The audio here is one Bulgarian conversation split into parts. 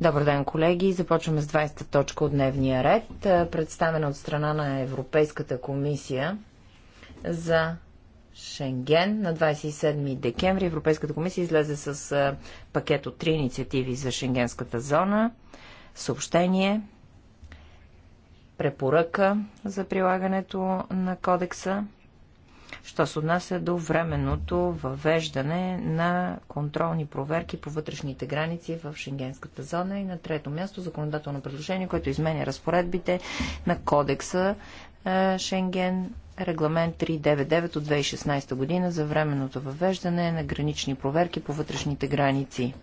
Добър ден, колеги. Започваме с 20-та точка от дневния ред, представена от страна на Европейската комисия за Шенген. На 27 декември Европейската комисия излезе с пакет от три инициативи за Шенгенската зона. Съобщение, препоръка за прилагането на кодекса що се отнася до временното въвеждане на контролни проверки по вътрешните граници в Шенгенската зона и на трето място законодателно предложение, което изменя разпоредбите на кодекса е, Шенген регламент 399 от 2016 година за временното въвеждане на гранични проверки по вътрешните граници.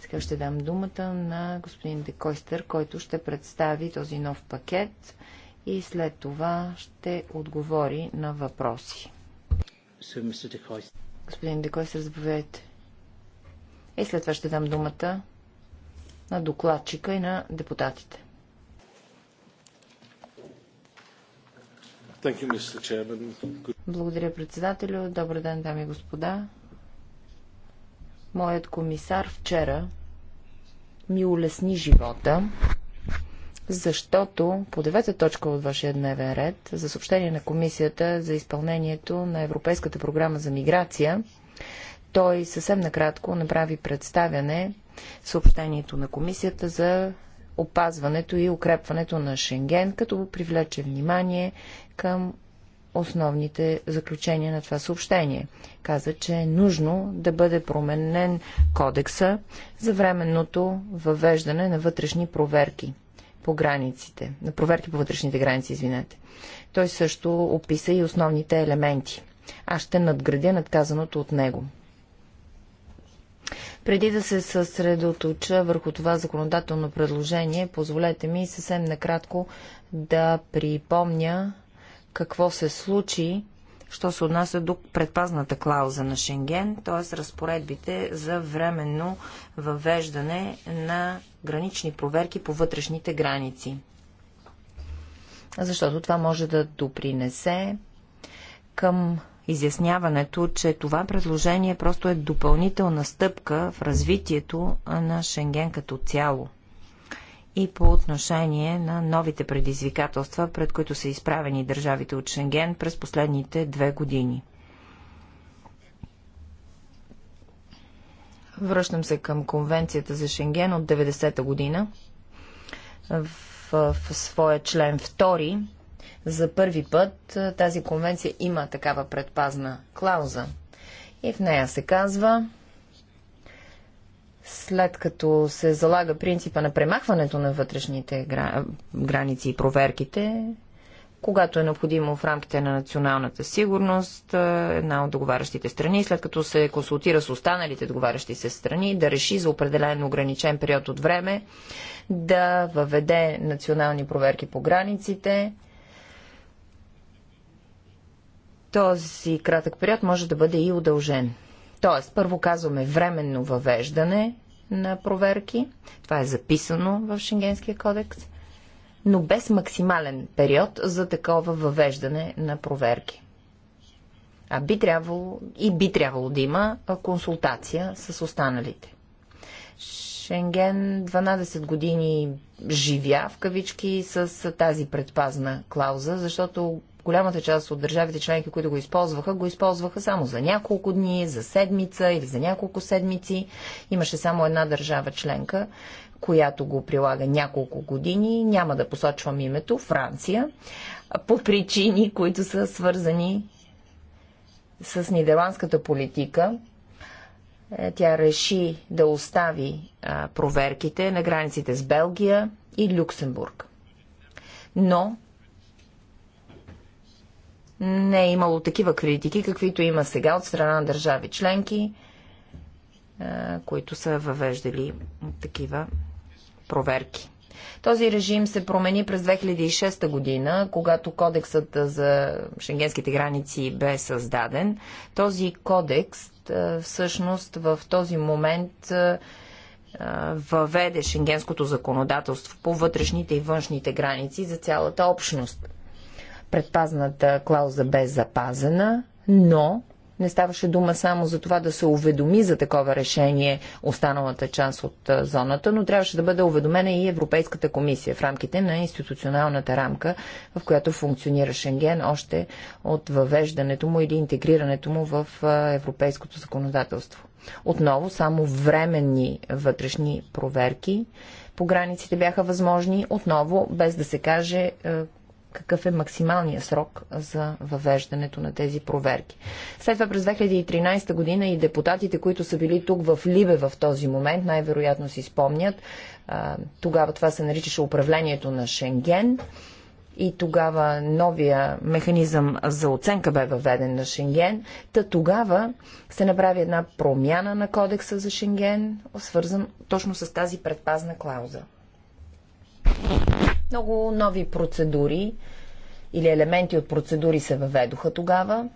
Сега ще дам думата на господин Декойстър, който ще представи този нов пакет и след това ще отговори на въпроси. Господин Декой, се разбавяйте. И след това ще дам думата на докладчика и на депутатите. Благодаря, председателю. Добър ден, дами и господа. Моят комисар вчера ми улесни живота защото по девета точка от вашия дневен ред за съобщение на комисията за изпълнението на Европейската програма за миграция, той съвсем накратко направи представяне съобщението на комисията за опазването и укрепването на Шенген, като привлече внимание към основните заключения на това съобщение. Каза, че е нужно да бъде променен кодекса за временното въвеждане на вътрешни проверки по границите, на проверки по вътрешните граници, извинете. Той също описа и основните елементи. Аз ще надградя надказаното от него. Преди да се съсредоточа върху това законодателно предложение, позволете ми съвсем накратко да припомня какво се случи що се отнася до предпазната клауза на Шенген, т.е. разпоредбите за временно въвеждане на гранични проверки по вътрешните граници. Защото това може да допринесе към изясняването, че това предложение просто е допълнителна стъпка в развитието на Шенген като цяло и по отношение на новите предизвикателства, пред които са изправени държавите от Шенген през последните две години. Връщам се към конвенцията за Шенген от 90-та година. В, в своя член втори за първи път тази конвенция има такава предпазна клауза. И в нея се казва, след като се залага принципа на премахването на вътрешните граници и проверките, когато е необходимо в рамките на националната сигурност, е, една от договарящите страни, след като се консултира с останалите договарящи се страни, да реши за определен ограничен период от време да въведе национални проверки по границите. Този кратък период може да бъде и удължен. Тоест, първо казваме временно въвеждане на проверки. Това е записано в Шенгенския кодекс, но без максимален период за такова въвеждане на проверки. А би трябвало и би трябвало да има консултация с останалите. Шенген 12 години живя в кавички с тази предпазна клауза, защото голямата част от държавите членки, които го използваха, го използваха само за няколко дни, за седмица или за няколко седмици. Имаше само една държава членка, която го прилага няколко години, няма да посочвам името, Франция, по причини, които са свързани с нидерландската политика. Е, тя реши да остави проверките на границите с Белгия и Люксембург. Но не е имало такива критики, каквито има сега от страна на държави членки, които са въвеждали такива проверки. Този режим се промени през 2006 година, когато кодексът за шенгенските граници бе създаден. Този кодекс всъщност в този момент въведе шенгенското законодателство по вътрешните и външните граници за цялата общност предпазната клауза бе запазена, но не ставаше дума само за това да се уведоми за такова решение останалата част от зоната, но трябваше да бъде уведомена и Европейската комисия в рамките на институционалната рамка, в която функционира Шенген още от въвеждането му или интегрирането му в европейското законодателство. Отново само временни вътрешни проверки по границите бяха възможни, отново без да се каже какъв е максималният срок за въвеждането на тези проверки. След това през 2013 година и депутатите, които са били тук в Либе в този момент, най-вероятно си спомнят, тогава това се наричаше управлението на Шенген и тогава новия механизъм за оценка бе въведен на Шенген, та тогава се направи една промяна на кодекса за Шенген, свързан точно с тази предпазна клауза. Много нови процедури или елементи от процедури се въведоха тогава.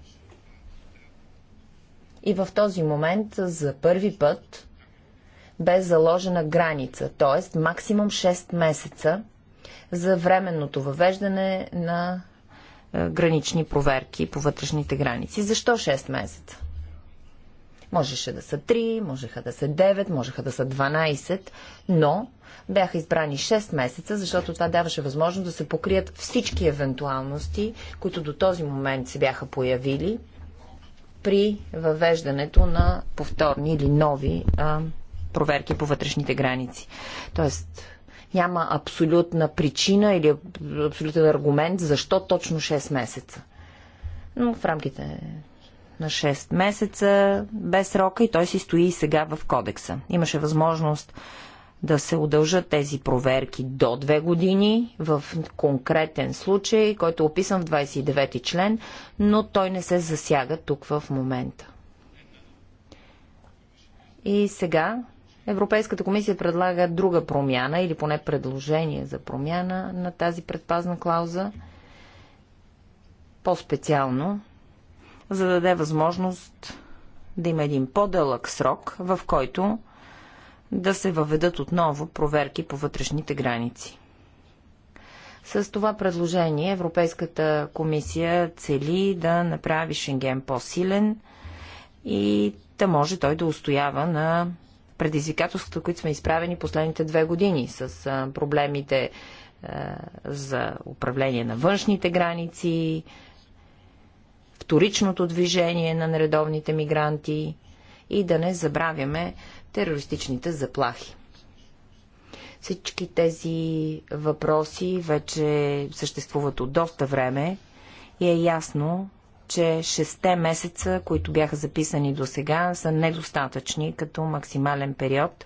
И в този момент за първи път бе заложена граница, т.е. максимум 6 месеца за временното въвеждане на е, гранични проверки по вътрешните граници. Защо 6 месеца? Можеше да са 3, можеха да са 9, можеха да са 12, но бяха избрани 6 месеца, защото това даваше възможност да се покрият всички евентуалности, които до този момент се бяха появили при въвеждането на повторни или нови а, проверки по вътрешните граници. Тоест, няма абсолютна причина или абсолютен аргумент защо точно 6 месеца. Но в рамките на 6 месеца без срока и той си стои и сега в кодекса. Имаше възможност да се удължат тези проверки до две години в конкретен случай, който е описан в 29 ти член, но той не се засяга тук в момента. И сега Европейската комисия предлага друга промяна или поне предложение за промяна на тази предпазна клауза. По-специално за да даде възможност да има един по-дълъг срок, в който да се въведат отново проверки по вътрешните граници. С това предложение Европейската комисия цели да направи Шенген по-силен и да може той да устоява на предизвикателствата, които сме изправени последните две години с проблемите за управление на външните граници, вторичното движение на нередовните мигранти и да не забравяме терористичните заплахи. Всички тези въпроси вече съществуват от доста време и е ясно, че 6 месеца, които бяха записани до сега, са недостатъчни като максимален период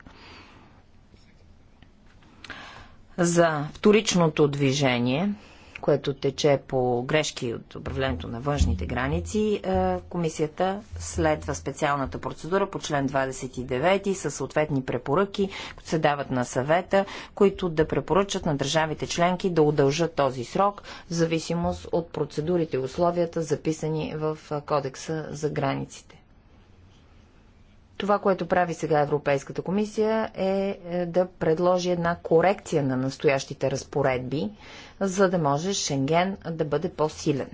за вторичното движение – което тече по грешки от управлението на външните граници, е, комисията следва специалната процедура по член 29 със съответни препоръки, които се дават на съвета, които да препоръчат на държавите членки да удължат този срок в зависимост от процедурите и условията, записани в е, Кодекса за границите. Това, което прави сега Европейската комисия е, е да предложи една корекция на настоящите разпоредби, за да може Шенген да бъде по-силен.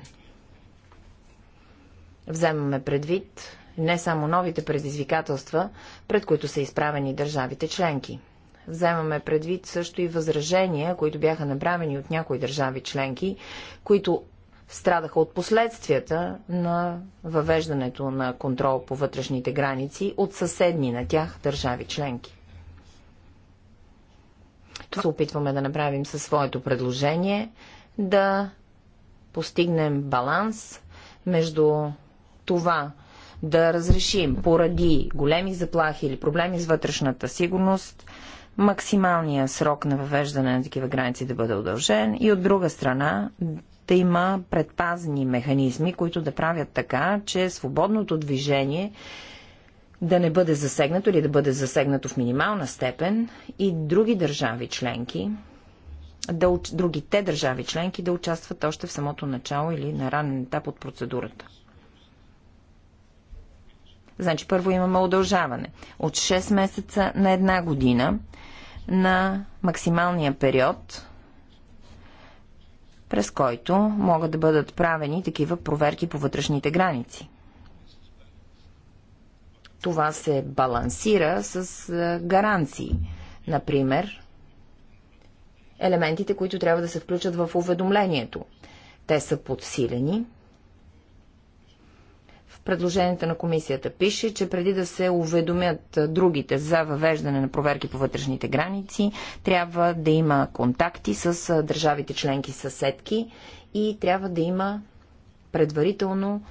Вземаме предвид не само новите предизвикателства, пред които са изправени държавите членки. Вземаме предвид също и възражения, които бяха направени от някои държави членки, които страдаха от последствията на въвеждането на контрол по вътрешните граници от съседни на тях държави членки. Това се опитваме да направим със своето предложение да постигнем баланс между това да разрешим поради големи заплахи или проблеми с вътрешната сигурност максималния срок на въвеждане на такива граници да бъде удължен и от друга страна да има предпазни механизми, които да правят така, че свободното движение да не бъде засегнато или да бъде засегнато в минимална степен и други държави членки, да, другите държави членки да участват още в самото начало или на ранен етап от процедурата. Значи първо имаме удължаване от 6 месеца на една година на максималния период през който могат да бъдат правени такива проверки по вътрешните граници. Това се балансира с е, гаранции. Например, елементите, които трябва да се включат в уведомлението. Те са подсилени предложенията на комисията пише, че преди да се уведомят другите за въвеждане на проверки по вътрешните граници, трябва да има контакти с държавите членки съседки и трябва да има предварително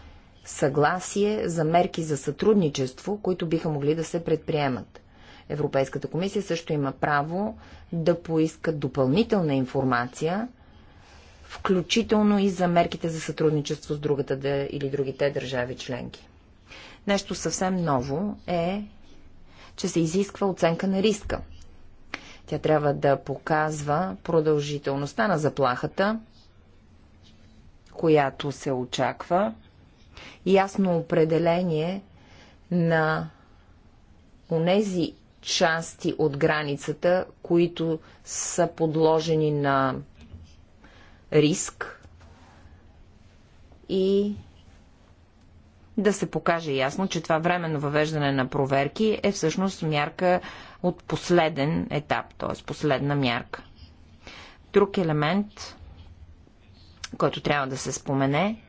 съгласие за мерки за сътрудничество, които биха могли да се предприемат. Европейската комисия също има право да поиска допълнителна информация – включително и за мерките за сътрудничество с другата да, или другите държави членки. Нещо съвсем ново е, че се изисква оценка на риска. Тя трябва да показва продължителността на заплахата, която се очаква, ясно определение на онези части от границата, които са подложени на риск и да се покаже ясно, че това временно въвеждане на проверки е всъщност мярка от последен етап, т.е. последна мярка. Друг елемент, който трябва да се спомене,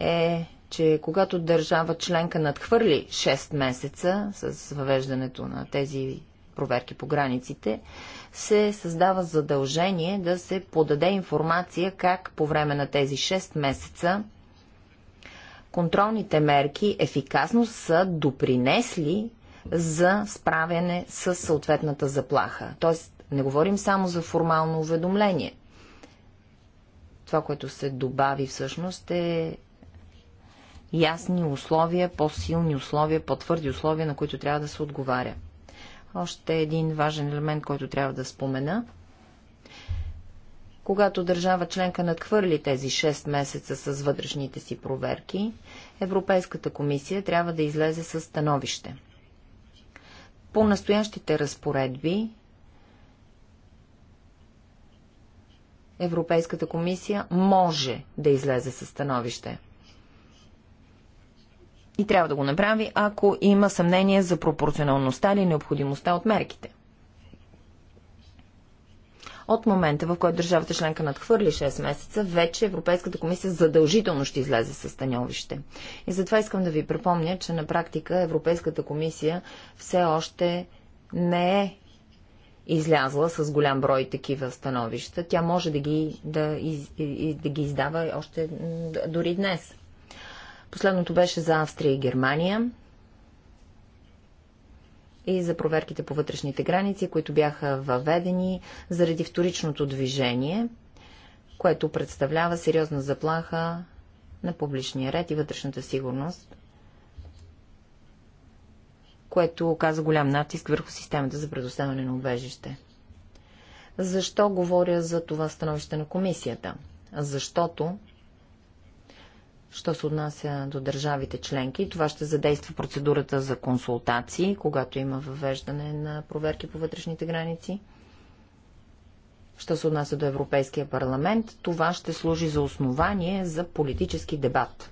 е, че когато държава членка надхвърли 6 месеца с въвеждането на тези проверки по границите, се създава задължение да се подаде информация как по време на тези 6 месеца контролните мерки ефикасно са допринесли за справяне с съответната заплаха. Тоест, не говорим само за формално уведомление. Това, което се добави всъщност е ясни условия, по-силни условия, по-твърди условия, на които трябва да се отговаря. Още един важен елемент, който трябва да спомена. Когато държава членка надхвърли тези 6 месеца с вътрешните си проверки, Европейската комисия трябва да излезе с становище. По настоящите разпоредби Европейската комисия може да излезе със становище и трябва да го направи, ако има съмнение за пропорционалността или необходимостта от мерките. От момента, в който държавата членка надхвърли 6 месеца, вече Европейската комисия задължително ще излезе със становище. И затова искам да ви припомня, че на практика Европейската комисия все още не е излязла с голям брой такива становища. Тя може да ги, да, из, да ги издава още дори днес. Последното беше за Австрия и Германия и за проверките по вътрешните граници, които бяха въведени заради вторичното движение, което представлява сериозна заплаха на публичния ред и вътрешната сигурност, което оказа голям натиск върху системата за предоставяне на убежище. Защо говоря за това становище на комисията? Защото що се отнася до държавите членки. Това ще задейства процедурата за консултации, когато има въвеждане на проверки по вътрешните граници. Що се отнася до Европейския парламент, това ще служи за основание за политически дебат.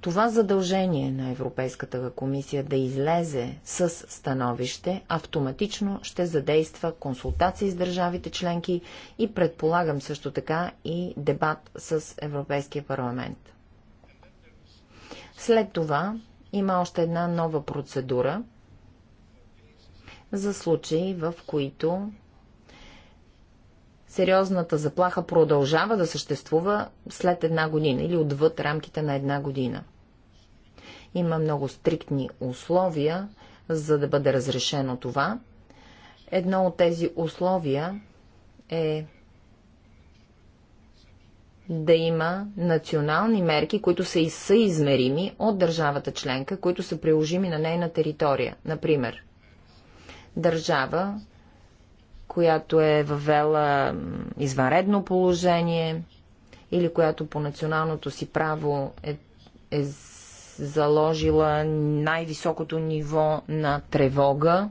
Това задължение на Европейската комисия да излезе с становище автоматично ще задейства консултации с държавите членки и предполагам също така и дебат с Европейския парламент. След това има още една нова процедура за случаи, в които сериозната заплаха продължава да съществува след една година или отвъд рамките на една година. Има много стриктни условия, за да бъде разрешено това. Едно от тези условия е да има национални мерки, които са и съизмерими от държавата членка, които са приложими на нейна територия. Например, държава, която е въвела извънредно положение или която по националното си право е, е заложила най-високото ниво на тревога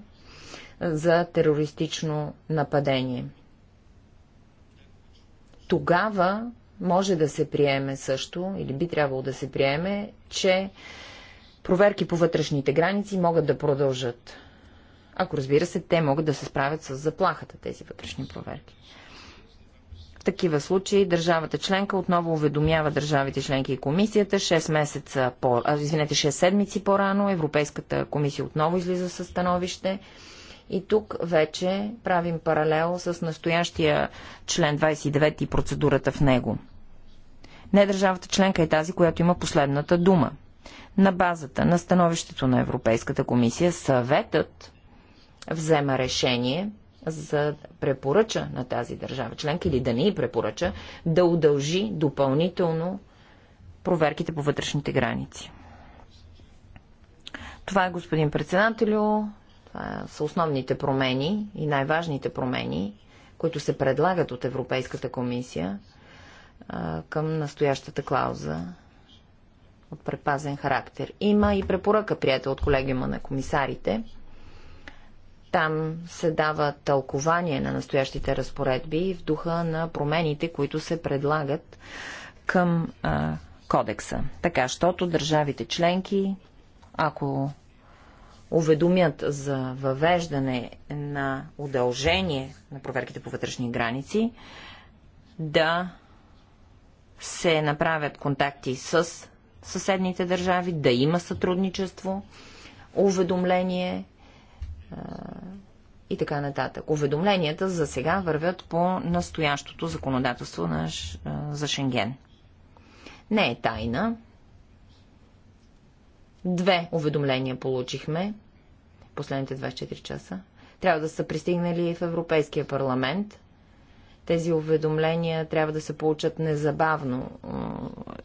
е, за терористично нападение. Тогава може да се приеме също, или би трябвало да се приеме, че проверки по вътрешните граници могат да продължат. Ако разбира се, те могат да се справят с заплахата, тези вътрешни проверки. В такива случаи държавата членка отново уведомява държавите членки и комисията 6 месеца по, а, извинете, 6 седмици по-рано. Европейската комисия отново излиза със становище и тук вече правим паралел с настоящия член 29 и процедурата в него. Не държавата членка е тази, която има последната дума. На базата на становището на Европейската комисия, съветът взема решение за препоръча на тази държава членка или да не и препоръча да удължи допълнително проверките по вътрешните граници. Това е, господин председателю, са основните промени и най-важните промени, които се предлагат от Европейската комисия към настоящата клауза от предпазен характер. Има и препоръка, приятел от колегиума на комисарите. Там се дава тълкование на настоящите разпоредби в духа на промените, които се предлагат към а, кодекса. Така, защото държавите членки, ако уведомят за въвеждане на удължение на проверките по вътрешни граници, да се направят контакти с съседните държави, да има сътрудничество, уведомление и така нататък. Уведомленията за сега вървят по настоящото законодателство на, за Шенген. Не е тайна, Две уведомления получихме последните 24 часа. Трябва да са пристигнали в Европейския парламент. Тези уведомления трябва да се получат незабавно,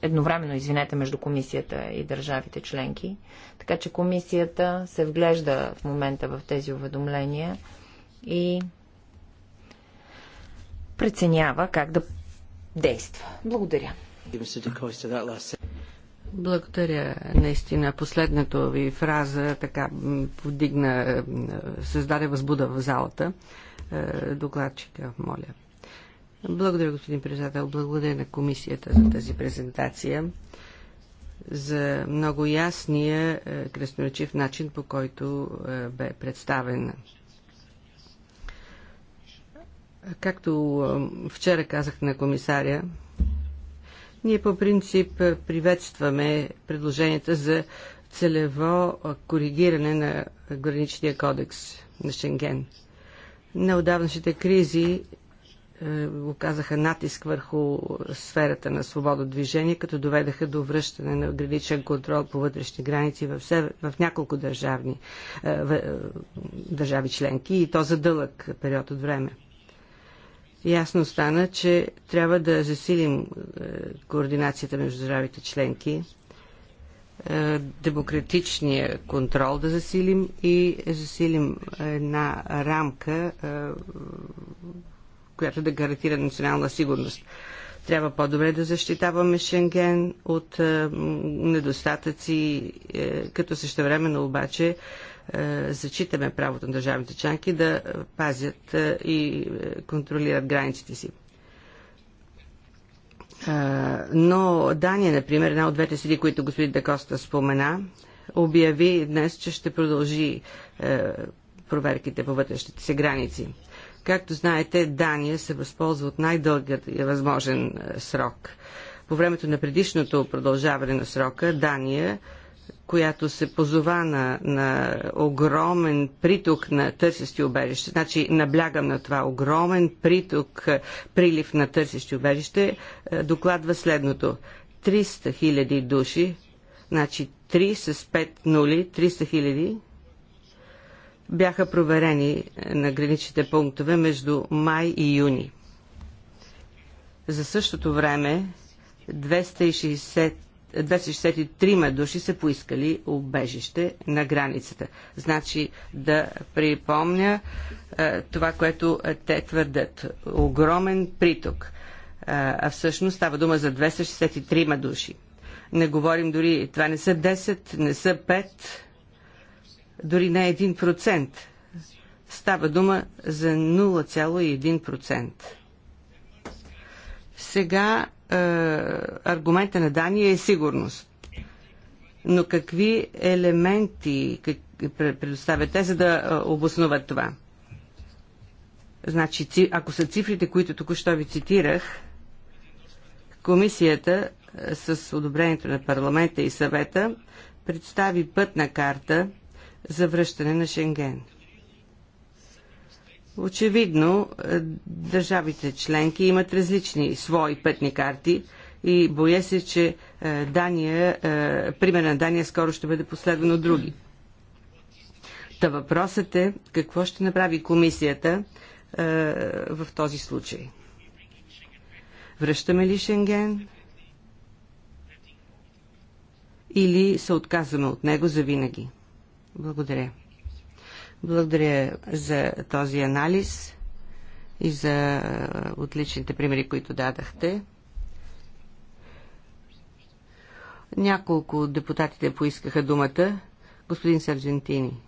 едновременно, извинете, между комисията и държавите членки. Така че комисията се вглежда в момента в тези уведомления и преценява как да действа. Благодаря. Благодаря. Наистина последната ви фраза така подигна, създаде възбуда в залата. Е, докладчика, моля. Благодаря, господин председател. Благодаря на комисията за тази презентация за много ясния е, красноречив начин, по който е, бе представен. Както вчера казах на комисаря, ние по принцип е, приветстваме предложенията за целево е, коригиране на граничния кодекс на Шенген. Неодавнашите кризи е, оказаха натиск върху сферата на свободно движение, като доведаха до връщане на граничен контрол по вътрешни граници в, север, в няколко държавни, в, държави членки и то за дълъг период от време ясно стана, че трябва да засилим е, координацията между здравите членки, е, демократичния контрол да засилим и засилим една рамка, е, която да гарантира национална сигурност. Трябва по-добре да защитаваме Шенген от е, недостатъци, е, като времено обаче е, зачитаме правото на държавните членки да пазят и контролират границите си. Но Дания, например, една от двете седи, които господин Дакоста спомена, обяви днес, че ще продължи проверките по вътрешните си граници. Както знаете, Дания се възползва от най-дългият възможен е, срок. По времето на предишното продължаване на срока, Дания която се позова на, на огромен приток на търсещи убежище. Значи, наблягам на това, огромен приток, е, прилив на търсещи убежище, е, докладва следното. 300 хиляди души, значи 3 с 5 нули, 300 хиляди бяха проверени е, на граничните пунктове между май и юни. За същото време 260 263 души са поискали убежище на границата. Значи да припомня е, това, което те твърдят. Огромен приток. Е, а всъщност става дума за 263 души. Не говорим дори, това не са 10, не са 5, дори не 1%. Става дума за 0,1%. Сега е, аргумента на Дания е сигурност. Но какви елементи как, предоставят те, за да е, обосноват това? Значи, ако са цифрите, които току-що ви цитирах, комисията е, с одобрението на парламента и съвета представи пътна карта – за връщане на Шенген. Очевидно, е, държавите членки имат различни свои пътни карти и боя се, че е, Дания, е, пример на Дания скоро ще бъде последван от други. Та въпросът е какво ще направи комисията в този случай. Връщаме ли Шенген? Или се отказваме от него завинаги? винаги? Благодаря. Благодаря за този анализ и за отличните примери, които дадахте. Няколко депутатите поискаха думата. Господин Сарджентини.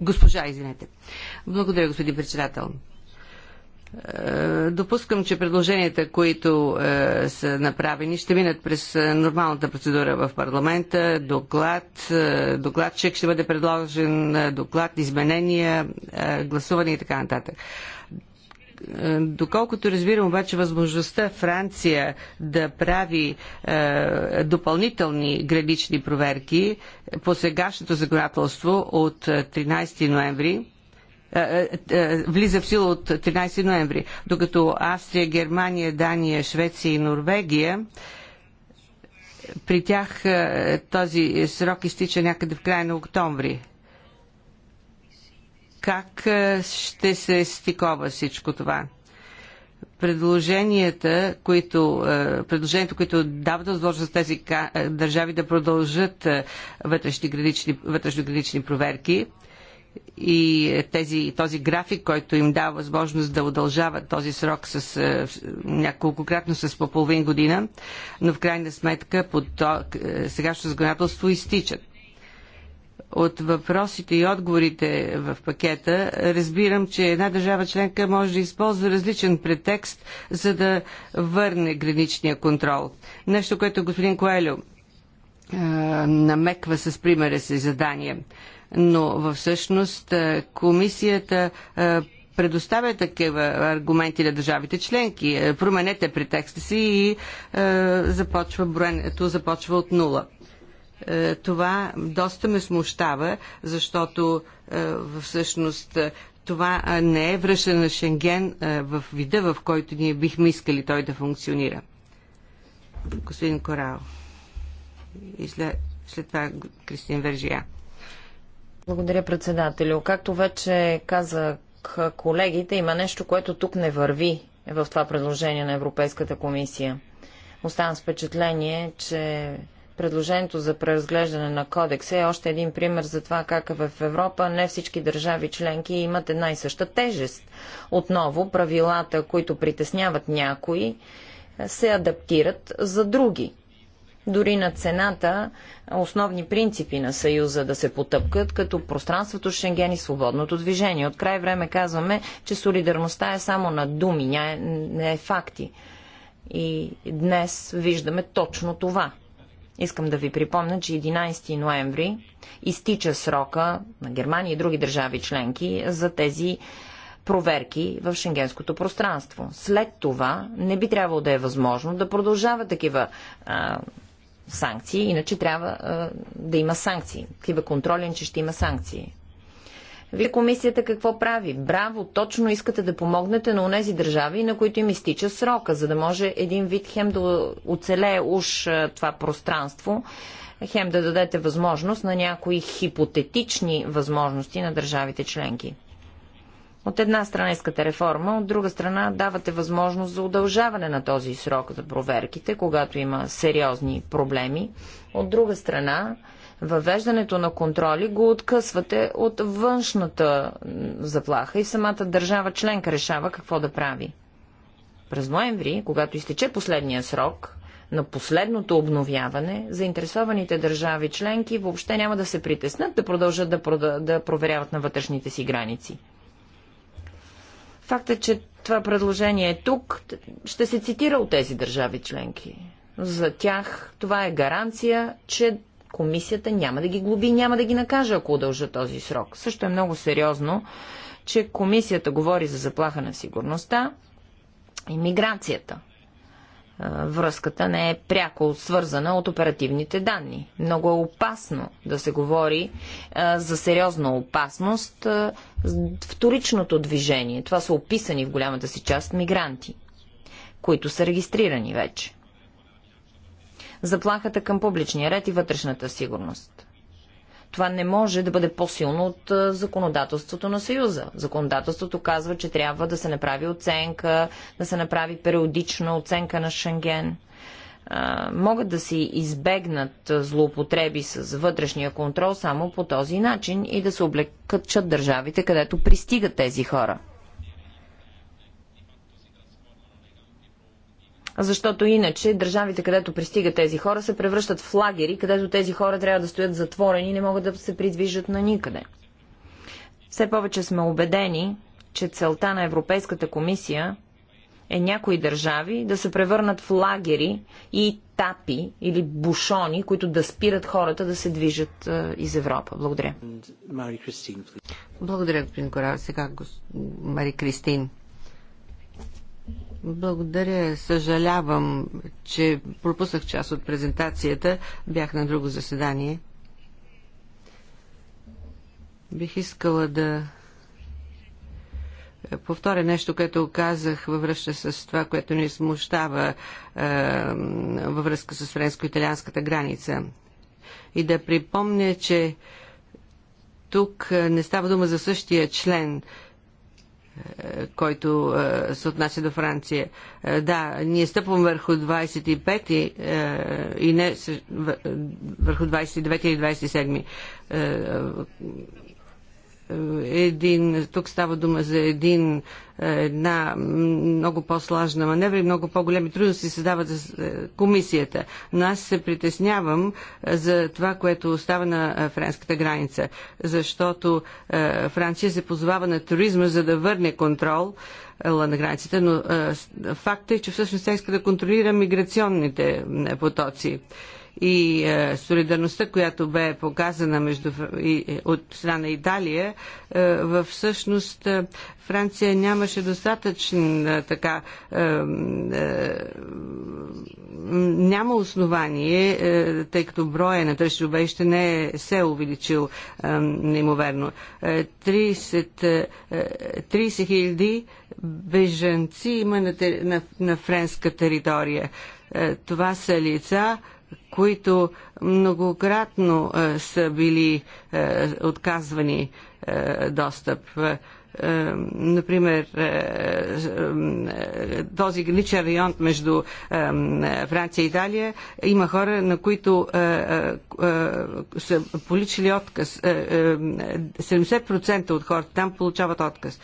Госпожа, извинете. Благодаря, господин председател. Е, допускам, че предложенията, които е, са направени, ще минат през е, нормалната процедура в парламента. Доклад, е, докладчик ще бъде предложен, е, доклад, изменения, е, гласуване и така нататък. Е, доколкото разбирам обаче възможността Франция да прави е, допълнителни гранични проверки по сегашното законодателство от 13 ноември, е, е, е, влиза в сила от 13 ноември, докато Австрия, Германия, Дания, Швеция и Норвегия при тях този срок изтича някъде в края на октомври. Как ще се стикова всичко това? предложенията, които, предложението, които дават възможност тези държави да продължат вътрешни гранични, вътрешно гранични проверки, и тези, този график, който им дава възможност да удължават този срок с е, няколкократно с по половин година, но в крайна сметка под е, сегашното законодателство изтичат. От въпросите и отговорите в пакета разбирам, че една държава членка може да използва различен претекст, за да върне граничния контрол. Нещо, което господин Коелю е, намеква с примера си задания но всъщност е, комисията е, предоставя такива аргументи на държавите членки. Е, променете претекста си и започва броенето започва от нула. това доста ме смущава, защото всъщност това не е връщане на Шенген в вида, в който ние бихме искали той да функционира. Господин Корал. И след, след това Кристин Вержия. Благодаря, председателю. Както вече казах колегите, има нещо, което тук не върви в това предложение на Европейската комисия. Оставам с впечатление, че предложението за преразглеждане на кодекса е още един пример за това как в Европа не всички държави членки имат една и съща тежест. Отново правилата, които притесняват някои, се адаптират за други дори на цената основни принципи на Съюза да се потъпкат, като пространството Шенген и свободното движение. От край време казваме, че солидарността е само на думи, не е, не е факти. И днес виждаме точно това. Искам да ви припомня, че 11 ноември изтича срока на Германия и други държави членки за тези проверки в шенгенското пространство. След това не би трябвало да е възможно да продължава такива а, санкции, иначе трябва а, да има санкции. Такива контролен, че ще има санкции. Вие комисията какво прави? Браво, точно искате да помогнете на унези държави, на които им изтича срока, за да може един вид хем да оцелее уж това пространство, хем да дадете възможност на някои хипотетични възможности на държавите членки. От една страна искате реформа, от друга страна давате възможност за удължаване на този срок за проверките, когато има сериозни проблеми. От друга страна, въвеждането на контроли го откъсвате от външната заплаха и самата държава членка решава какво да прави. През ноември, когато изтече последния срок на последното обновяване, заинтересованите държави членки въобще няма да се притеснат да продължат да, прода... да проверяват на вътрешните си граници. Факта, е, че това предложение е тук, ще се цитира от тези държави членки. За тях това е гаранция, че комисията няма да ги глоби, няма да ги накаже, ако удължа този срок. Също е много сериозно, че комисията говори за заплаха на сигурността и миграцията връзката не е пряко свързана от оперативните данни. Много е опасно да се говори за сериозна опасност вторичното движение. Това са описани в голямата си част мигранти, които са регистрирани вече. Заплахата към публичния ред и вътрешната сигурност. Това не може да бъде по-силно от законодателството на Съюза. Законодателството казва, че трябва да се направи оценка, да се направи периодична оценка на Шенген могат да си избегнат злоупотреби с вътрешния контрол само по този начин и да се облекат държавите, където пристигат тези хора. защото иначе държавите, където пристигат тези хора, се превръщат в лагери, където тези хора трябва да стоят затворени и не могат да се придвижат на никъде. Все повече сме убедени, че целта на Европейската комисия е някои държави да се превърнат в лагери и тапи или бушони, които да спират хората да се движат е, из Европа. Благодаря. Благодаря, господин Корал. Сега, гос... Мари Кристин. Благодаря. Съжалявам, че пропуснах част от презентацията. Бях на друго заседание. Бих искала да повторя нещо, което казах във връща с това, което ни смущава е, във връзка с френско-италианската граница. И да припомня, че тук не става дума за същия член, е, който е, се отнася до Франция. Е, да, ние стъпваме върху 25 и, и не върху 29 или 27 един, тук става дума за един, една много по-слажна маневра и много по-големи трудности се дават за е, комисията. Но аз се притеснявам е, за това, което остава на е, френската граница, защото Франция се позовава на туризма, за да върне контрол на границата, но факт е, че всъщност тя иска да контролира миграционните потоци и е, солидарността, която бе показана между, и, е, от страна на Италия, е, във всъщност е, Франция нямаше достатъчно е, така е, е, няма основание, е, тъй като броя на търсещи обеща не е, се е увеличил е, неимоверно. Е, 30, е, 30 е, хиляди бежанци има на, на, на френска територия. Е, това са лица, които многократно е, са били е, отказвани е, достъп. Е, е, например, е, този граничен район между Франция и Италия има хора, на които са получили отказ. 70% от хората там получават отказ.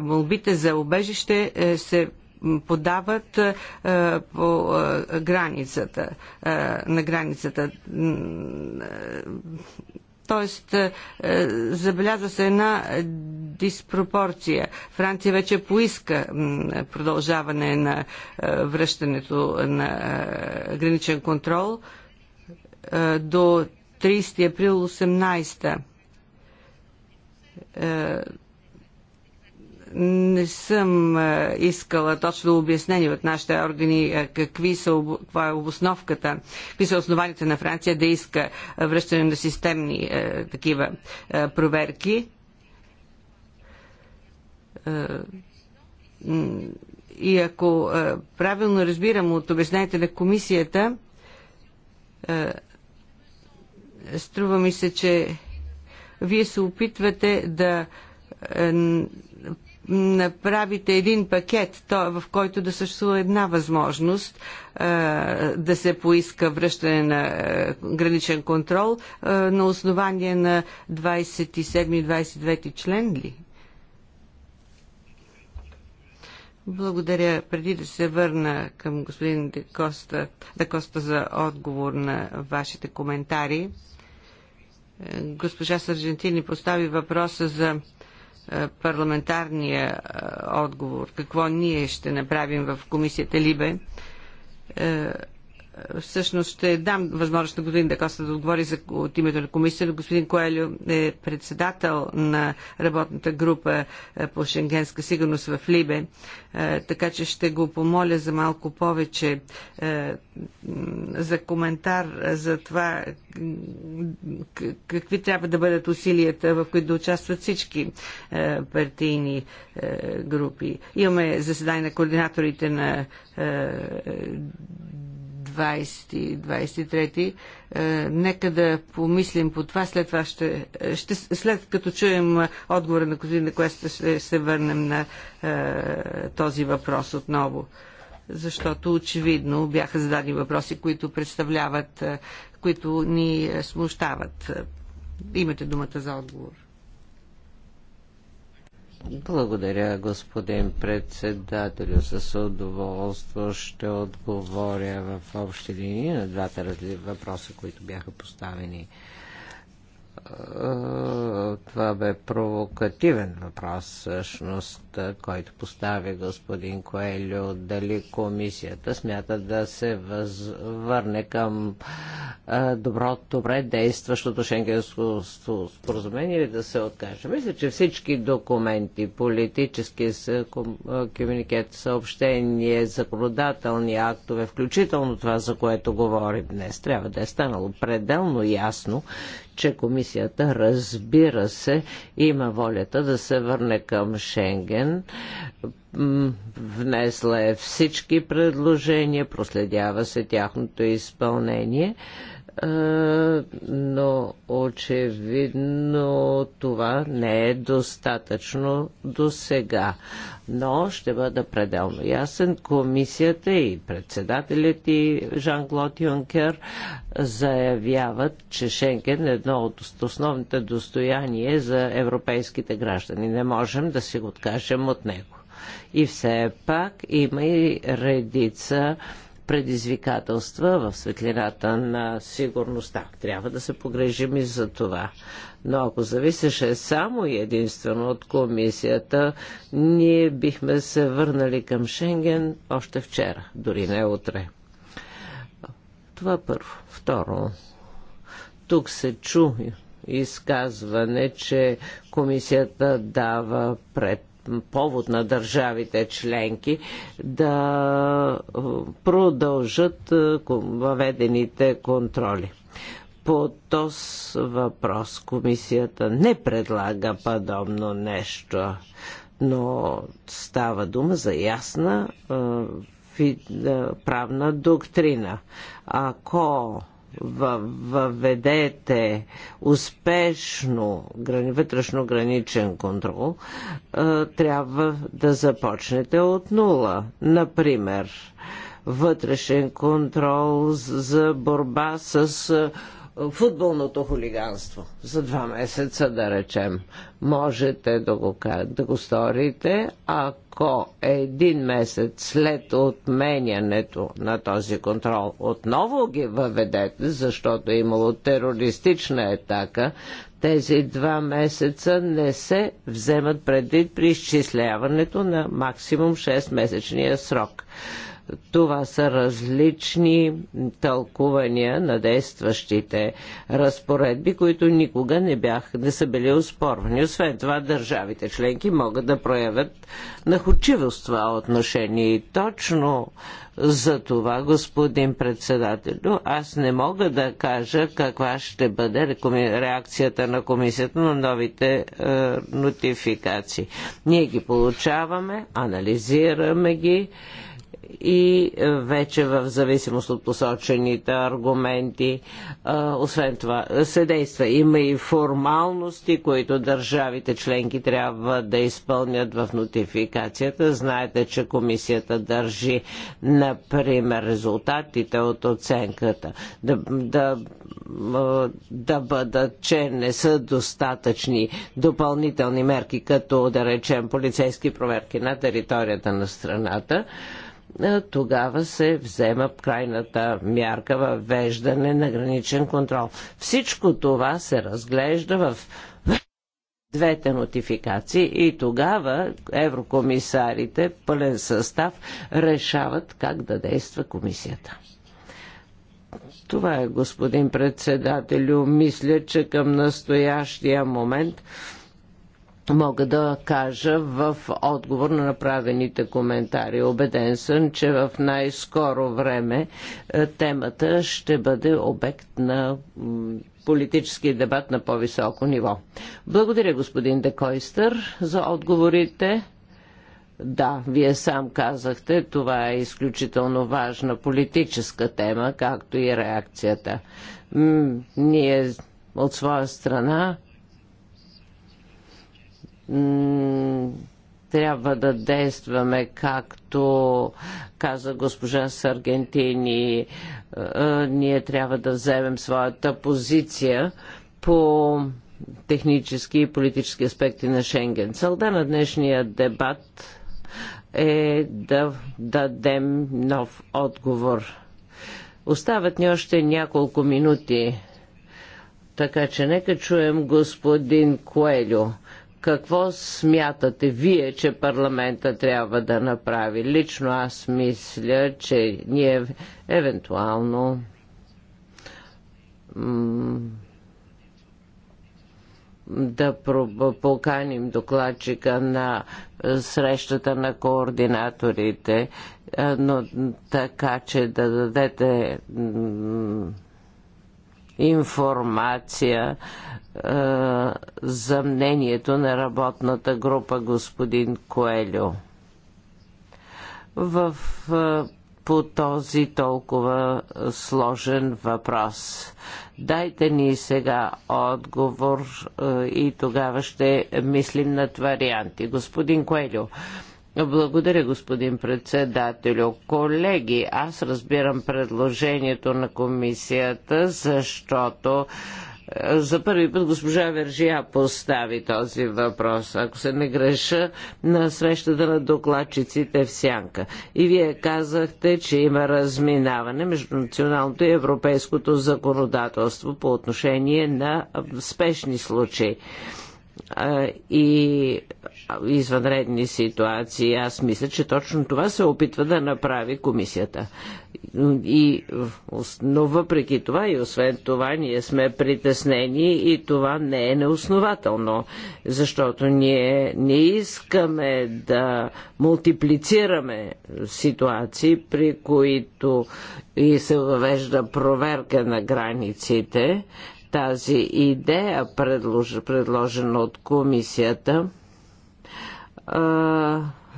Молбите за обежище се подават е, по е, границата, е, на границата. Тоест, забелязва се една диспропорция. Франция вече поиска продължаване на връщането на граничен контрол до 30 април 18 -та не съм искала точно обяснение от нашите органи какви са, каква е обосновката, какви са основаните на Франция да иска връщане на системни такива проверки. и ако правилно разбирам от обяснението на комисията, струва ми се, че вие се опитвате да направите един пакет, в който да съществува една възможност да се поиска връщане на граничен контрол на основание на 27-29 член ли? Благодаря. Преди да се върна към господин Декоста, Декоста за отговор на вашите коментари, е, госпожа Сържентини постави въпроса за е, парламентарния е, отговор, какво ние ще направим в комисията Либе, е, всъщност ще дам възможност на господин Дакоста да отговори за, от името на комисията. Господин Коелю е председател на работната група е, по шенгенска сигурност в Либе, е, така че ще го помоля за малко повече е, за коментар за това какви трябва да бъдат усилията, в които да участват всички партийни групи. Имаме заседание на координаторите на 20-23. Е, нека да помислим по това. След, това ще, ще, след като чуем отговора на Козина Квеста, ще се върнем на е, този въпрос отново. Защото очевидно бяха зададени въпроси, които представляват, е, които ни е, смущават. Имате думата за отговор. Благодаря, господин председател, С удоволство ще отговоря в общи линии на двата въпроса, които бяха поставени е, това бе провокативен въпрос, всъщност, който постави господин Коелю, дали комисията смята да се възвърне към е, доброто добре действащото шенгенско споразумение или да се откаже. Мисля, че всички документи, политически е, комуникет, съобщение, законодателни актове, включително това, за което говорим днес, трябва да е станало пределно ясно, че комисията, разбира се, има волята да се върне към Шенген. Внесла е всички предложения, проследява се тяхното изпълнение но очевидно това не е достатъчно до сега. Но ще бъда пределно ясен. Комисията и председателят и Жан-Клод Юнкер заявяват, че Шенген е едно от основните достояния за европейските граждани. Не можем да си го откажем от него. И все пак има и редица предизвикателства в светлината на сигурността. Трябва да се погрежим и за това. Но ако зависеше само и единствено от комисията, ние бихме се върнали към Шенген още вчера, дори не утре. Това първо. Второ, тук се чу изказване, че комисията дава пред повод на държавите членки да е, продължат е, въведените контроли. По този въпрос комисията не предлага подобно нещо, но става дума за ясна е, правна доктрина. Ако въведете успешно вътрешно граничен контрол, трябва да започнете от нула. Например, вътрешен контрол за борба с футболното хулиганство за два месеца, да речем. Можете да го, да го сторите, ако един месец след отменянето на този контрол отново ги въведете, защото е имало терористична атака, тези два месеца не се вземат предвид при изчисляването на максимум 6-месечния срок. Това са различни тълкувания на действащите разпоредби, които никога не, бях, не са били успорвани. Освен това, държавите членки могат да проявят нахочивост това отношение. И точно за това, господин председател, аз не мога да кажа каква ще бъде реакцията на комисията на новите е, нотификации. Ние ги получаваме, анализираме ги и е, вече в зависимост от посочените аргументи. Е, освен това, се действа. Има и формалности, които държавите членки трябва да изпълнят в нотификацията. Знаете, че комисията държи, например, резултатите от оценката да, да, е, да бъдат, че не са достатъчни допълнителни мерки, като, да речем, полицейски проверки на територията на страната. Е, тогава се взема крайната мярка въвеждане на граничен контрол. Всичко това се разглежда в двете нотификации и тогава еврокомисарите, пълен състав, решават как да действа комисията. Това е, господин председателю. Мисля, че към настоящия момент мога да кажа в отговор на направените коментари. Обеден съм, че в най-скоро време е, темата ще бъде обект на политически дебат на по-високо ниво. Благодаря, господин Декойстър, за отговорите. Да, вие сам казахте, това е изключително важна политическа тема, както и реакцията. М- ние от своя страна трябва да действаме, както каза госпожа Саргентини, е, е, ние трябва да вземем своята позиция по технически и политически аспекти на Шенген. Целта на днешния дебат е да дадем нов отговор. Остават ни още няколко минути, така че нека чуем господин Коелю какво смятате вие, че парламента трябва да направи? Лично аз мисля, че ние евентуално да поканим докладчика на срещата на координаторите, но така, че да дадете информация е, за мнението на работната група господин Коелю. В, е, по този толкова сложен въпрос. Дайте ни сега отговор е, и тогава ще мислим над варианти. Господин Коелю, благодаря, господин председателю. Колеги, аз разбирам предложението на комисията, защото за първи път госпожа Вержия постави този въпрос, ако се не греша, на срещата на докладчиците в Сянка. И вие казахте, че има разминаване между националното и европейското законодателство по отношение на спешни случаи и извънредни ситуации. Аз мисля, че точно това се опитва да направи комисията. И, но въпреки това и освен това ние сме притеснени и това не е неоснователно, защото ние не искаме да мултиплицираме ситуации, при които и се въвежда проверка на границите, тази идея, предложена от комисията,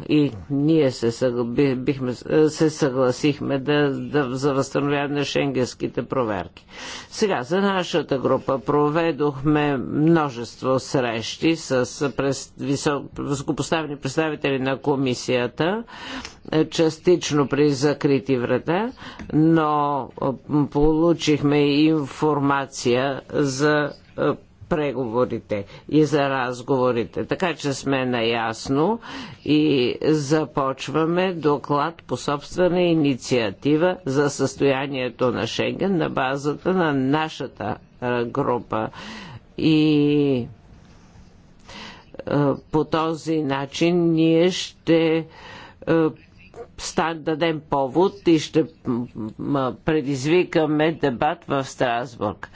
и ние се, бихме, се съгласихме да, да, за възстановяване на шенгенските проверки. Сега, за нашата група проведохме множество срещи с през, висок, високопоставени представители на комисията, е, частично при закрити врата, но получихме информация за преговорите и за разговорите. Така че сме наясно и започваме доклад по собствена инициатива за състоянието на Шенген на базата на нашата група. И по този начин ние ще стан, дадем повод и ще предизвикаме дебат в Страсбург.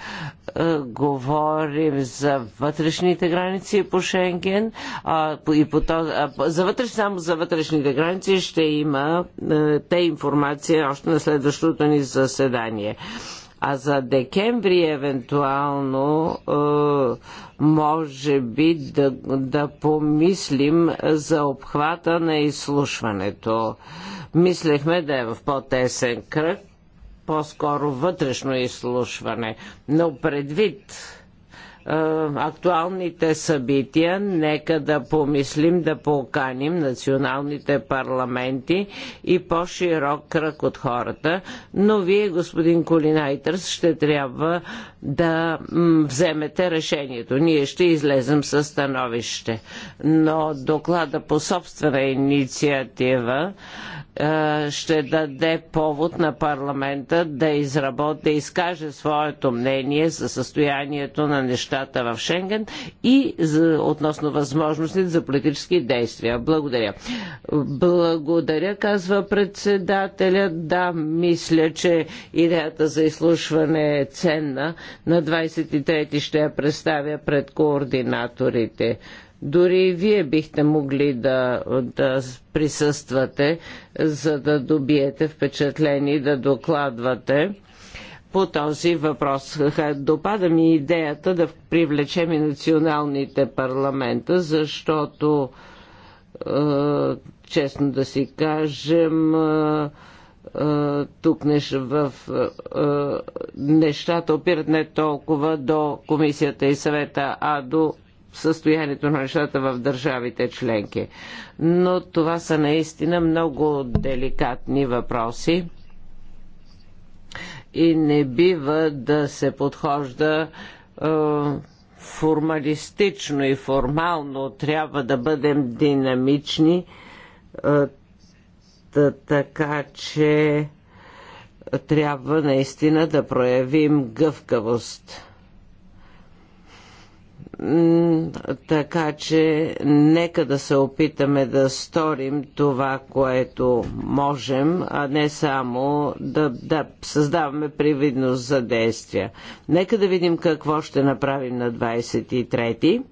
Е, говорим за вътрешните граници по Шенген, а, и по този, а, за вътреш, само за вътрешните граници ще има е, те информация още на следващото ни заседание. А за декември евентуално е, може би да, да помислим за обхвата на изслушването. Мислехме да е в по-тесен кръг, по-скоро вътрешно изслушване. Но предвид е, актуалните събития, нека да помислим да поканим националните парламенти и по-широк кръг от хората. Но вие, господин Колинайтърс, ще трябва да вземете решението. Ние ще излезем със становище. Но доклада по собствена инициатива е, ще даде повод на парламента да изработи, да изкаже своето мнение за състоянието на нещата в Шенген и за, относно възможностите за политически действия. Благодаря. Благодаря, казва председателя. Да, мисля, че идеята за изслушване е ценна. На 23 ти ще я представя пред координаторите. Дори и вие бихте могли да, да присъствате, за да добиете впечатление и да докладвате по този въпрос. Допада ми идеята да привлечем и националните парламента, защото е, честно да си кажем е, е тук неш, в, е, е, нещата опират не толкова до комисията и съвета, а до състоянието на нещата в държавите членки. Но това са наистина много деликатни въпроси и не бива да се подхожда е, формалистично и формално. Трябва да бъдем динамични, е, така че трябва наистина да проявим гъвкавост така че нека да се опитаме да сторим това, което можем, а не само да, да създаваме привидност за действия. Нека да видим какво ще направим на 23-ти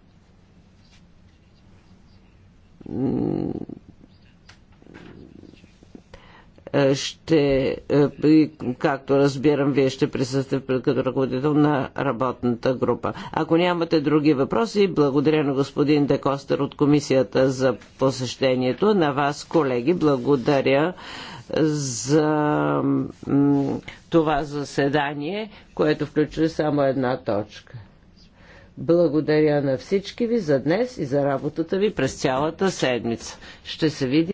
е, ще, е, както разбирам, вие ще присъствате като ръководител на работната група. Ако нямате други въпроси, благодаря на господин Декостер от комисията за посещението. На вас, колеги, благодаря за това заседание, което включва само една точка. Благодаря на всички ви за днес и за работата ви през цялата седмица. Ще се видим.